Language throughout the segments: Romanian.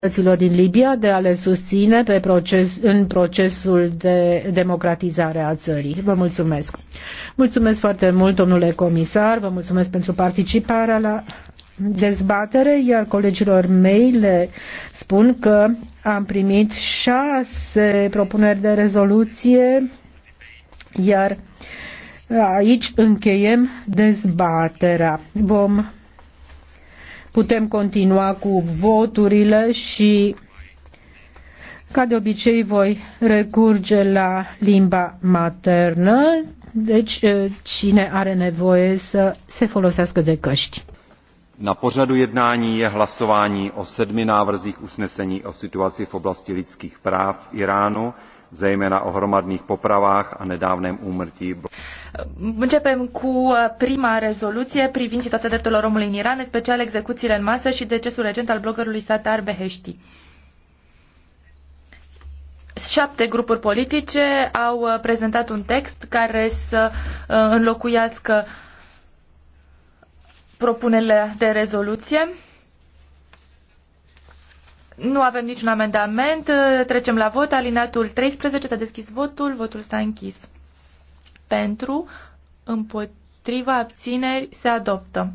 autorităților din Libia de a le susține pe proces, în procesul de democratizare a țării. Vă mulțumesc. Mulțumesc foarte mult, domnule comisar, vă mulțumesc pentru participarea la dezbatere, iar colegilor mei le spun că am primit șase propuneri de rezoluție, iar aici încheiem dezbaterea. Vom Putem continua cu voturile și, ca de obicei, voi recurge la limba maternă, deci eh, cine are nevoie să se folosească de căști. Na pořadu jednání je hlasování o sedmi návrzích usnesení o situaci v oblasti lidských práv v Iránu, zejména o hromadných popravách a nedávném úmrtí Începem cu uh, prima rezoluție privind situația drepturilor omului în Iran, în special execuțiile în masă și decesul recent al bloggerului Satar Beheshti. Șapte grupuri politice au uh, prezentat un text care să uh, înlocuiască propunerile de rezoluție. Nu avem niciun amendament. Trecem la vot. Alinatul 13. S-a deschis votul. Votul s-a închis pentru, împotriva, abțineri, se adoptă.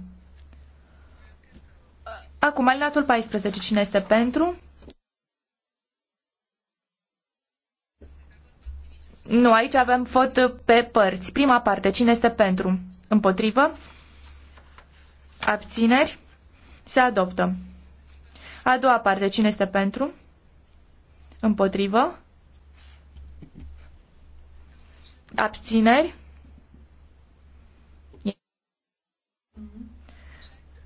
Acum, alinatul 14, cine este pentru? Nu, aici avem vot pe părți. Prima parte, cine este pentru? Împotrivă? Abțineri? Se adoptă. A doua parte, cine este pentru? Împotrivă? Abțineri?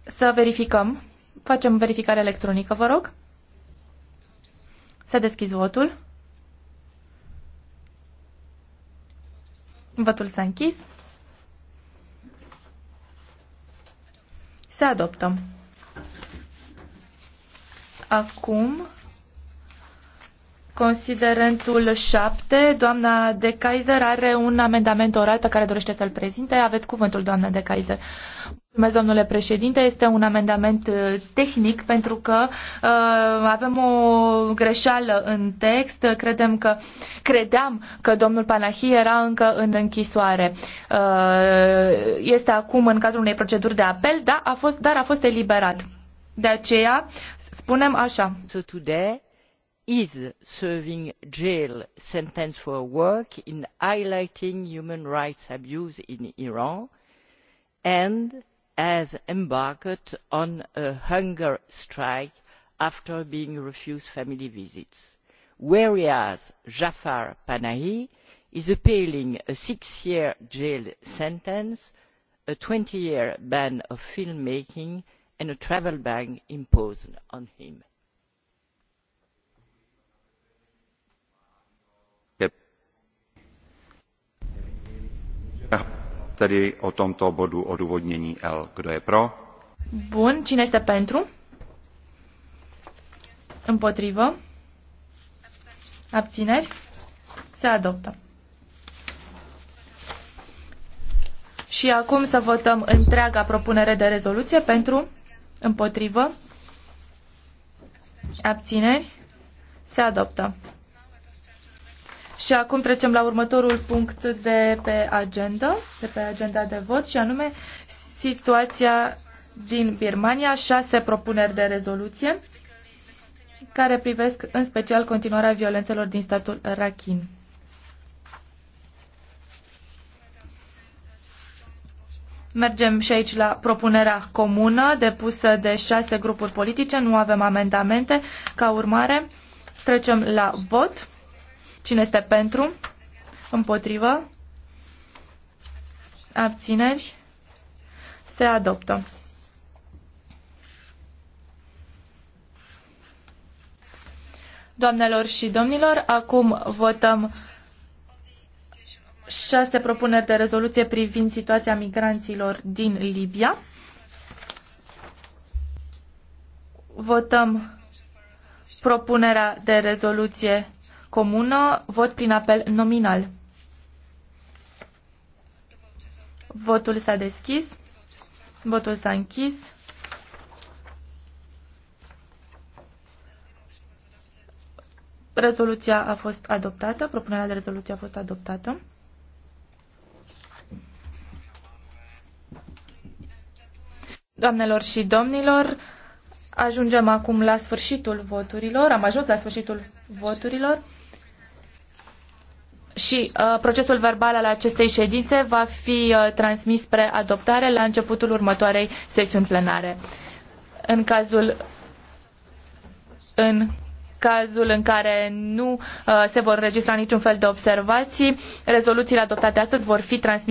Să verificăm. Facem verificare electronică, vă rog. Să deschizi votul. Votul s-a închis. Se adoptăm. Acum Considerentul 7, doamna de Kaiser are un amendament oral pe care dorește să-l prezinte. Aveți cuvântul, doamna de Kaiser. Mulțumesc, domnule președinte. Este un amendament uh, tehnic pentru că uh, avem o greșeală în text. Credem că, credeam că domnul Panahi era încă în închisoare. Uh, este acum în cadrul unei proceduri de apel, da, a fost, dar a fost eliberat. De aceea spunem așa. So today is serving jail sentence for work in highlighting human rights abuse in Iran and has embarked on a hunger strike after being refused family visits. Whereas Jafar Panahi is appealing a six-year jail sentence, a 20-year ban of filmmaking and a travel ban imposed on him tedy o tomto bodu odůvodnění L. Kdo je pro? Bun, cine este pentru? Împotrivă? Abțineri? Se adoptă. Și acum să votăm întreaga propunere de rezoluție pentru, împotrivă, abțineri, se adoptă. Și acum trecem la următorul punct de pe agenda, de pe agenda de vot, și anume situația din Birmania, șase propuneri de rezoluție care privesc în special continuarea violențelor din statul Rakhine. Mergem și aici la propunerea comună depusă de șase grupuri politice. Nu avem amendamente. Ca urmare, trecem la vot. Cine este pentru? Împotrivă? Abțineri? Se adoptă. Doamnelor și domnilor, acum votăm șase propuneri de rezoluție privind situația migranților din Libia. Votăm propunerea de rezoluție comună, vot prin apel nominal. Votul s-a deschis. Votul s-a închis. Rezoluția a fost adoptată, propunerea de rezoluție a fost adoptată. Doamnelor și domnilor, ajungem acum la sfârșitul voturilor. Am ajuns la sfârșitul voturilor și uh, procesul verbal al acestei ședințe va fi uh, transmis spre adoptare la începutul următoarei sesiuni plenare. În cazul în cazul în care nu uh, se vor registra niciun fel de observații, rezoluțiile adoptate astăzi vor fi transmise